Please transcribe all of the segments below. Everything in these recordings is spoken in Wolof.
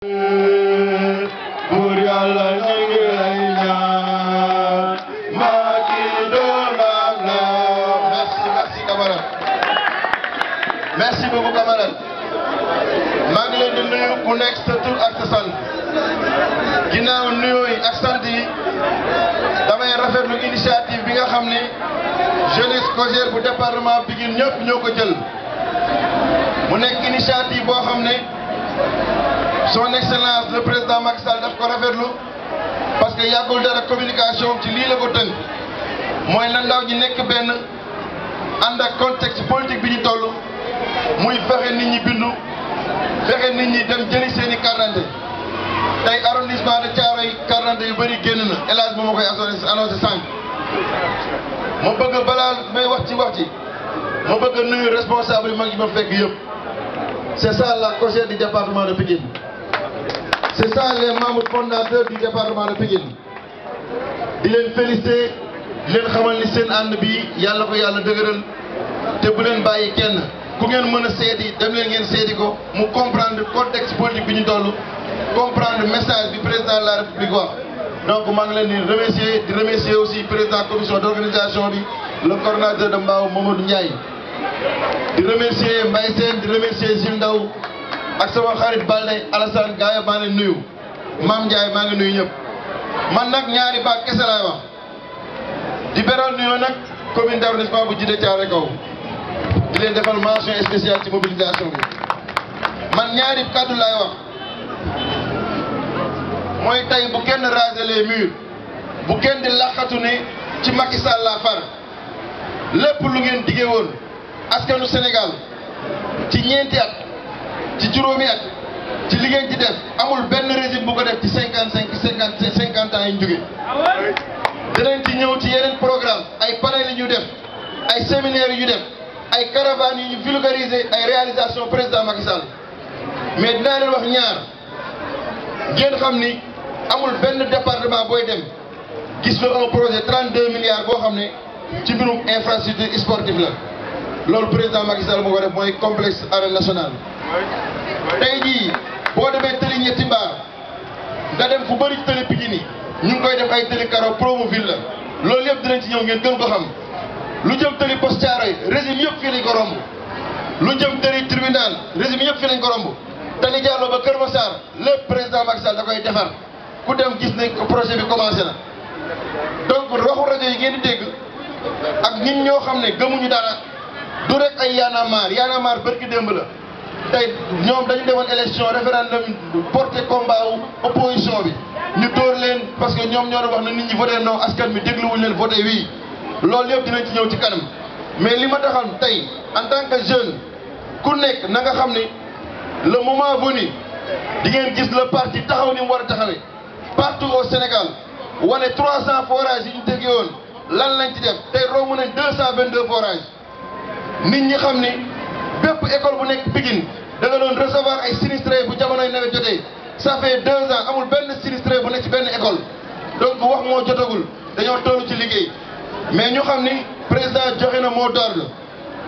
merci beaucoup camarade nuyu ku nekk sa tur ak sa sant ginnaaw nuyoo yi ak sant initiative bi nga xam ne jeunesse Cogère bu département Pikine ñëpp ñoo ko jël mu nekk initiative boo xam ne soo son excellence le président Macky Sall daf ko rafetlu parce que yàggul dara communication ci lii la ko tënk mooy la ñi nekk benn ànd ak contexte politique bi ñu toll muy fexe nit ñi bindu fexe nit ñi dem jëli seeni i tey arrondissement de Thiaroye carte yu bëri génn na hélas moom ma koy annoncé annoncé ma bëgg balaa may wax ci wax ci ma bëgg nuyu responsable yi mag yi ma fekk yëpp c'est ça la conseil du département de Pikine C'est ça les membres fondateurs du département de Pikine di leen féliciter di leen xamal ni seen ànd bi yàlla ko yàlla dëgëral te bu leen bàyyi kenn ku ngeen mën a seeti dem leen ngeen seeti ko mu comprendre contexte politique bi ñu toll comprendre message bi président de la république wax donc maa ngi leen di remercier di remercier aussi président commission d' organisation bi le coordonnateur de Mbao Mamadou Ndiaye di remercier Mbaye Sène di remercier Gilles Ndaw ak sama xarit Balde Alassane Gaye maa ngi leen nuyu Maam Ndiaye maa ngi nuyu ñëpp man nag ñaari baat kese laay wax di beral nuyoo nag commune d'arrondissement bu Djiddah Thiaroye Kaw di leen defal mention spéciale ci mobilisation bi man ñaari kàddu laay wax mooy tey bu kenn raser les bu kenn di laqatu ne ci Macky Sall la far lépp lu ngeen diggee woon askanu Sénégal ci ñeenti at. ci juróomi at ci li ngeen def amul benn régime bu ko def ci cinquante cinq cinquante cinquante ans yi ñu jógee ci ñëw ci yeneen programme ay panel yi ñu def ay séminaires yu ñu def ay caravanes yu ñu vulgariser ay réalisation président Macky mais dinaa leen wax ñaar ngeen xam ni amul benn département booy dem gis nga un projet 32 milliards boo xam ne ci mbirum infrastructure sportive la loolu président Macky Sall mu ko def mooy complexe arène nationale tey jii boo demee tëli ñetti mbaar nga dem fu bëri tëli Pikine ñu ngi koy dem ay tëli karo Promoville la loolu yëpp dinañ ci ñëw ngeen gën ko xam lu jëm tëli poste yi régime yëpp fii lañ ko romb lu jëm tëli tribunal régime yëpp fii lañ ko romb tëli Diallo ba Kër Massar lépp président Macky Sall da koy defar ku dem gis ne ko projet bi commencé na donc waxu rajo yi ngeen di dégg ak ñun ñoo xam ne gëmuñu dara du rek ay yaanamaar yaanamaar bërki démb la tey ñoom dañu demoon élection référendum porté combat wu opposition bi ñu dóor leen parce que ñoom ñoo doon wax na nit ñi voté non askan mi wu leen voté wii loolu yëpp dinañ ci ñëw ci kanam mais li ma taxam tey en tant que jeune ku nekk na nga xam ni le moment venu di ngeen gis le parti taxaw ni mu war a taxawee partout au Sénégal wane 300 forages yi ñu déggee woon lan lañ ci def tey romb nañ 222 forages nit ñi xam ni. école bu nekk Pikine da nga doon recevoir ay sinistrés bu jamonoy nawet jotee ça fait deux ans amul benn sinistré bu nekk ci benn école bu wax moo jotagul dañoo toll ci liggéey mais ñu xam ni président joxe na mot d'ordre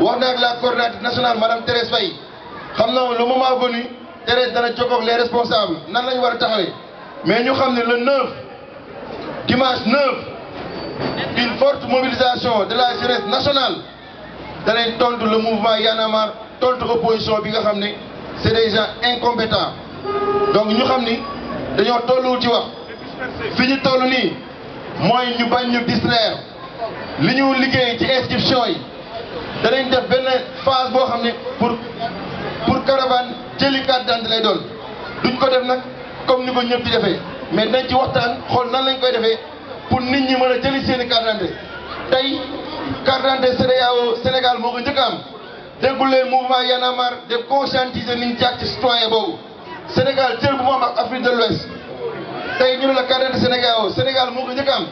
wax na ak la coordinatrice nationale madame Thérèse fay xam na le moment venu Thérèse dana jokkoog les responsables nan lañu war a taxawee mais ñu xam ne le 9 dimanche 9 une forte mobilisation de la jeunesse nationale danañ tontu le mouvement Y'en a marre tontu opposition bi nga xam ne c'est des gens incompétents donc ñu xam ni dañoo tolluwul ci wax fi ñu toll nii mooy ñu bañ ñu distraire li ñu liggéey ci inscription yi danañ def benn phase boo xam ne pour pour caravane jëli carte d'identité lay doon duñ ko def nag comme ni ko ñëpp di defee mais dañ ci waxtaan xool nan lañ koy defee pour nit ñi mën a jëli seen i carte d'identité tey carte d'identité bu leen mouvement Y'en a marre de conscientiser ni ñu jàkk ci citoyen boobu Sénégal jël bu mu ak Afrique de l'Ouest tey ñu ne la carte Sénégal o oh, Sénégal moo ko njëkk am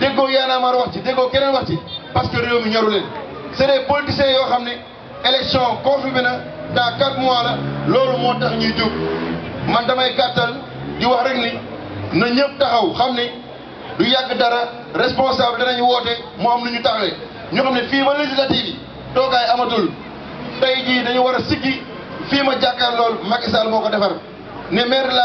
déggoo Y'en a marre wax ci déggoo keneen wax ci parce que réew mi ñoru leen c'est des politiciens yoo xam ne élection confirmé na dans quatre mois la loolu moo tax ñuy jóg man damay gàttal di wax rek ni na ñëpp taxaw xam ni du yàgg dara responsable danañu woote mu am lu ñu taxawee ñu xam ne fii ba législative tey jii dañu war a siggi fii ma jàkkaar lool Macky Sall moo ko defar ne maire la